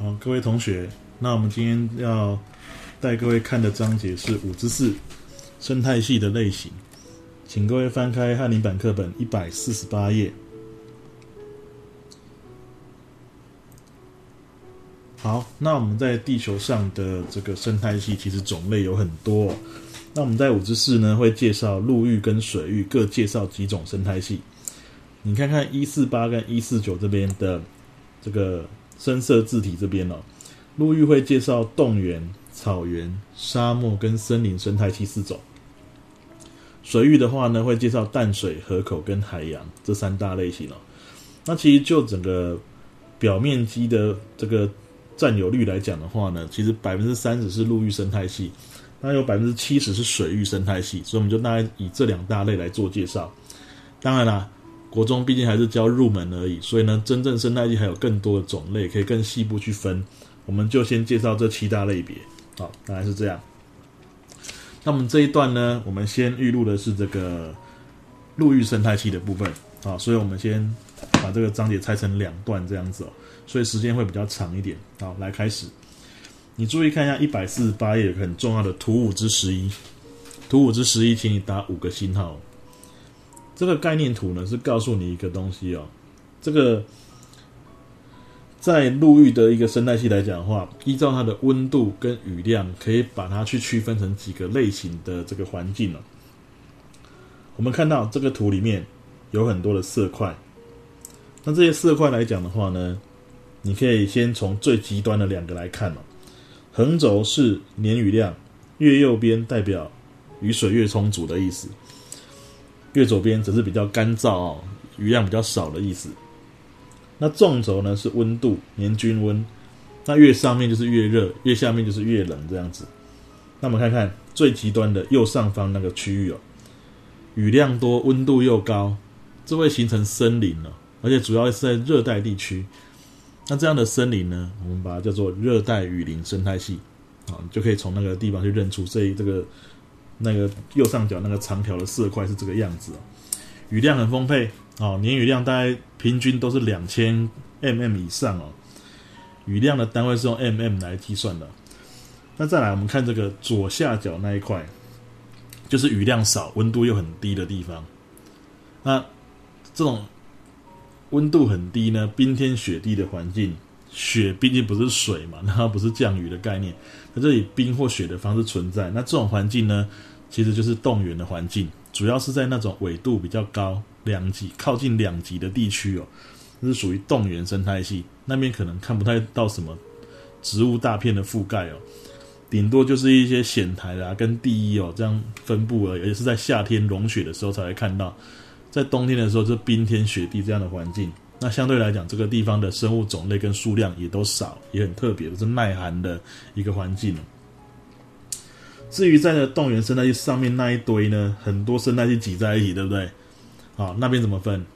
好，各位同學，那我們今天要帶各位看的章節是五之四生態系的類型，請各位翻開翰林版課本一百四十八頁。好，那我們在地球上的這個生態系其實種類有很多，那我們在五之四呢，會介紹陸域跟水域各介紹幾種生態系，你看看一四八跟一四九這邊的這個。深色字體這邊哦，陸域會介紹凍原、草原、沙漠跟森林生態系四種。水域的話呢，會介紹淡水、河口跟海洋這三大類型哦。那其實就整個表面積的這個占有率來講的話呢，其實百分之三十是陸域生態系，那有百分之七十是水域生態系，所以我們就大概以這兩大類來做介紹。當然啦。國中畢竟還是教入門而已，所以呢，真正生態系還有更多的種類可以更細部去分，我們就先介紹這七大類別，好，大概是這樣。那麼這一段呢，我們先預錄的是這個陸域生態系的部分，好，所以我們先把這個章節拆成兩段這樣子哦，所以時間會比較長一點，好，來開始。你注意看一下一百四十八頁很重要的圖五之十一，圖五之十一，請你打五個星號。這個概念圖呢，是告訴你一個東西哦。這個在陸域的一個生態系來講的話，依照它的溫度跟雨量，可以把它去區分成幾個類型的這個環境哦。我們看到這個圖裡面有很多的色塊，那這些色塊來講的話呢，你可以先從最極端的兩個來看哦。橫軸是年雨量，越右邊代表雨水越充足的意思。越左邊則是比較乾燥哦，雨量比較少的意思。那縱軸呢是溫度年均溫，那越上面就是越熱，越下面就是越冷這樣子。那我們看看最極端的右上方那個區域哦，雨量多，溫度又高，這會形成森林了，哦，而且主要是在熱帶地區。那這樣的森林呢，我們把它叫做熱帶雨林生態系啊，哦，你就可以從那個地方去認出這這個。那個右上角那個長條的色塊是這個樣子哦，雨量很豐沛哦，年雨量大概平均都是兩千 mm 以上哦，雨量的單位是用 mm 來計算的。那再來我們看這個左下角那一塊，就是雨量少、溫度又很低的地方。那這種溫度很低呢，冰天雪地的環境。雪畢竟不是水嘛，那它不是降雨的概念。那這以冰或雪的方式存在，那這種環境呢，其實就是凍原的環境，主要是在那種緯度比較高、兩極靠近兩極的地區哦，這是屬於凍原生態系。那邊可能看不太到什麼植物大片的覆蓋哦，頂多就是一些蘚苔啦、跟地衣哦這樣分布了，而且是在夏天融雪的時候才會看到，在冬天的時候，就是冰天雪地這樣的環境。那相對來講，這個地方的生物種類跟數量也都少，也很特別，是耐寒的一個環境。至於在的凍原生態系上面那一堆呢，很多生態系擠在一起，對不對？啊，那邊怎麼分？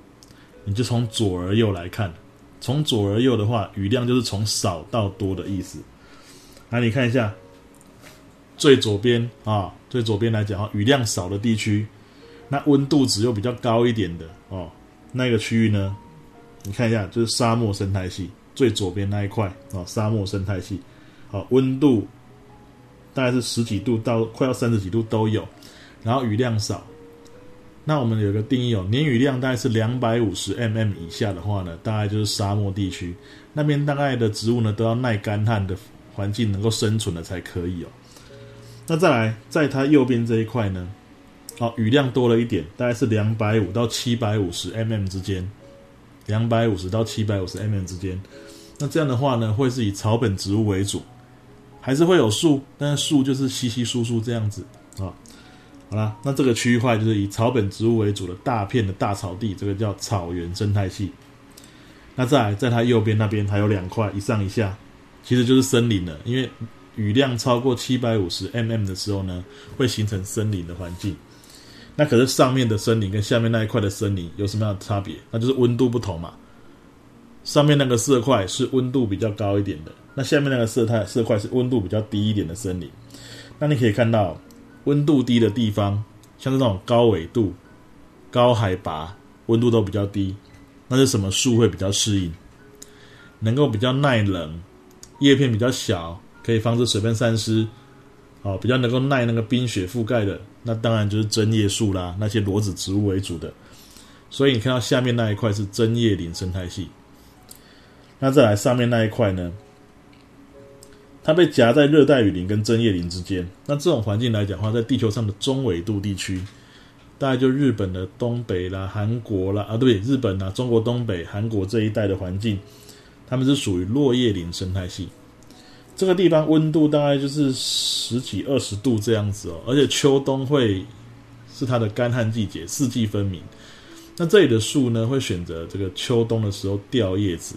你就從左而右來看，從左而右的話，雨量就是從少到多的意思。那、啊、你看一下，最左邊啊，最左邊來講，雨量少的地區，那溫度值又比較高一點的哦、啊，那個區域呢？你看一下，就是沙漠生態系最左邊那一塊啊、哦，沙漠生態系，好、哦，溫度大概是十幾度到快要三十幾度都有，然後雨量少。那我們有個定義哦，年雨量大概是兩百五十 mm 以下的話呢，大概就是沙漠地區，那邊大概的植物呢都要耐乾旱的環境能夠生存的才可以哦。那再來，在它右邊這一塊呢，好、哦，雨量多了一點，大概是兩百五到七百五十 mm 之間。兩百五十到七百五十 mm 之間，那這樣的話呢，會是以草本植物為主，還是會有樹，但是樹就是稀稀疏疏這樣子啊、哦。好啦，那這個區域塊就是以草本植物為主的大片的大草地，這個叫草原生態系。那再來，在它右邊那邊還有兩塊，一上一下，其實就是森林了。因為雨量超過七百五十 mm 的時候呢，會形成森林的環境。那可是上面的森林跟下面那一塊的森林有什麼樣的差別？那就是溫度不同嘛。上面那個色塊是溫度比較高一點的，那下面那個色色塊是溫度比較低一點的森林。那你可以看到，溫度低的地方，像這種高緯度、高海拔，溫度都比較低，那是什麼樹會比較適應？能夠比較耐冷，葉片比較小，可以防止水分散失。哦，比較能夠耐那個冰雪覆蓋的，那當然就是針葉樹啦，那些裸子植物為主的。所以你看到下面那一塊是針葉林生態系，那再來上面那一塊呢，它被夾在熱帶雨林跟針葉林之間。那這種環境來講的話，在地球上的中緯度地區，大概就日本的東北啦、韓國啦，啊，對，日本啦、中國東北、韓國這一帶的環境，它們是屬於落葉林生態系。這個地方溫度大概就是十幾二十度這樣子哦，而且秋冬會是它的乾旱季節，四季分明。那這裡的樹呢，會選擇這個秋冬的時候掉葉子，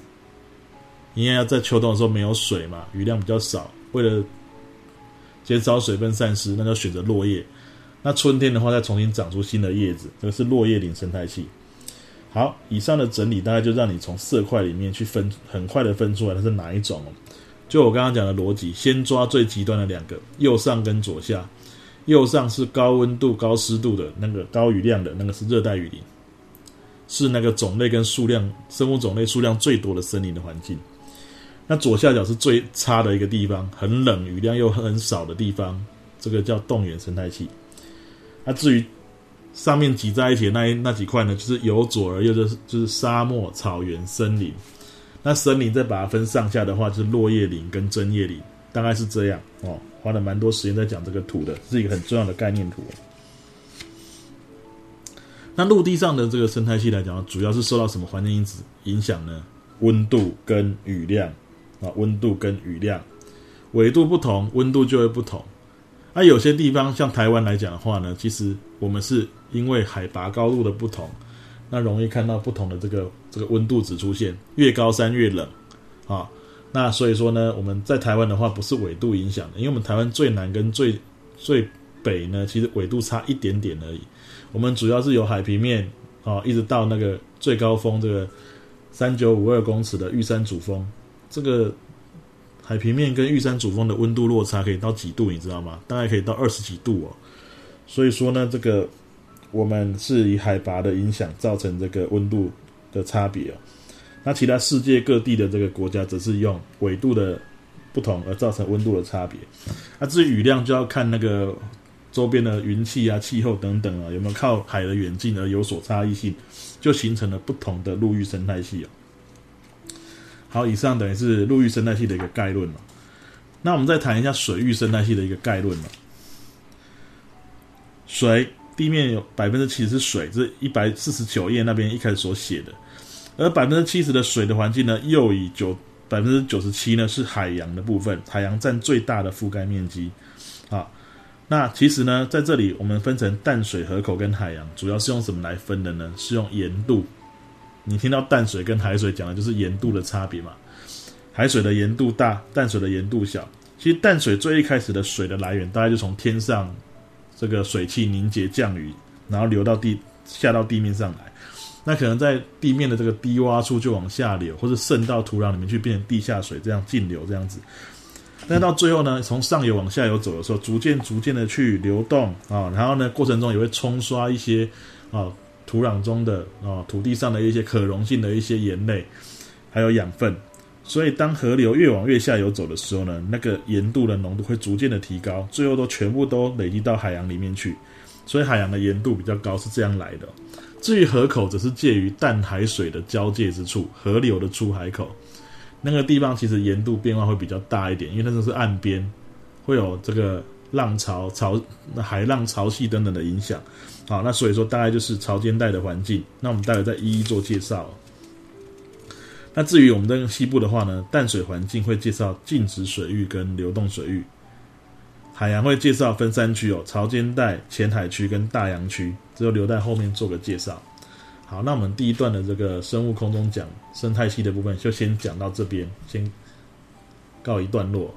因為要在秋冬的時候沒有水嘛，雨量比較少，為了減少水分散失，那就選擇落葉。那春天的話，再重新長出新的葉子。這個是落葉林生態系。好，以上的整理大概就讓你從色塊裡面去分，很快的分出來它是哪一種哦。就我剛剛講的邏輯，先抓最極端的兩個，右上跟左下。右上是高溫度、高濕度的那個高雨量的那個是熱帶雨林，是那個種類跟數量生物種類數量最多的森林的環境。那左下角是最差的一個地方，很冷、雨量又很少的地方，這個叫凍原生態系。那、啊、至於上面擠在一起的那一那幾塊呢，就是由左而右，就是就是沙漠、草原、森林。那森林再把它分上下的話，就是落葉林跟針葉林，大概是這樣哦。花了蠻多時間在講這個圖的，是一個很重要的概念圖。那陸地上的這個生態系來講，主要是受到什麼環境因子影響呢？溫度跟雨量啊，溫度跟雨量，緯度不同，溫度就會不同。那、啊、有些地方像台灣來講的話呢，其實我們是因為海拔高度的不同。那容易看到不同的這個這個溫度值，出現，越高山越冷，啊，那所以說呢，我們在台灣的話不是緯度影響的，因為我們台灣最南跟最最北呢，其實緯度差一點點而已。我們主要是由海平面啊，一直到那個最高峰這個三九五二公尺的玉山主峰，這個海平面跟玉山主峰的溫度落差可以到幾度，你知道嗎？大概可以到二十幾度哦。所以說呢，這個。我們是以海拔的影響造成這個溫度的差別，啊、那其他世界各地的這個國家則是用緯度的不同而造成溫度的差別，那、啊、至於雨量就要看那個周邊的雲氣啊、氣候等等啊，有沒有靠海的遠近而有所差異性，就形成了不同的陸域生態系，啊、好，以上等於是陸域生態系的一個概論了，那我們再談一下水域生態系的一個概論了，水。地面有百分之七十是水，這一百四十九頁那邊一開始所寫的。而百分之七十的水的環境呢，又以九百分之九十七呢是海洋的部分，海洋佔最大的覆蓋面積。好，那其實呢，在這裡我們分成淡水河口跟海洋，主要是用什麼來分的呢？是用鹽度。你聽到淡水跟海水講的就是鹽度的差別嘛。海水的鹽度大，淡水的鹽度小。其實淡水最一開始的水的來源，大概就從天上。這個水汽凝結降雨，然後流到地下到地面上來，那可能在地面的這個低窪處就往下流，或者滲到土壤裡面去變成地下水，這樣徑流這樣子。但到最後呢，從上游往下游走的時候，逐漸逐漸的去流動啊，然後呢過程中也會沖刷一些啊土壤中的啊土地上的一些可溶性的一些鹽類，還有養分。所以，當河流越往越下游走的時候呢，那個鹽度的濃度會逐漸的提高，最後都全部都累積到海洋裡面去。所以，海洋的鹽度比較高是這樣來的。至於河口，則是介於淡海水的交界之處，河流的出海口，那個地方其實鹽度變化會比較大一點，因為那時候是岸邊，會有這個浪潮、潮海浪、潮汐等等的影響。好，那所以說，大概就是潮間帶的環境。那我們待會再一一做介紹。那至於我們這個西部的話呢，淡水環境會介紹靜止水域跟流動水域，海洋會介紹分三區哦：潮間帶、淺海區跟大洋區，之後，留在後面做個介紹。好，那我們第一段的這個生物空中講生態系的部分，就先講到這邊，先告一段落。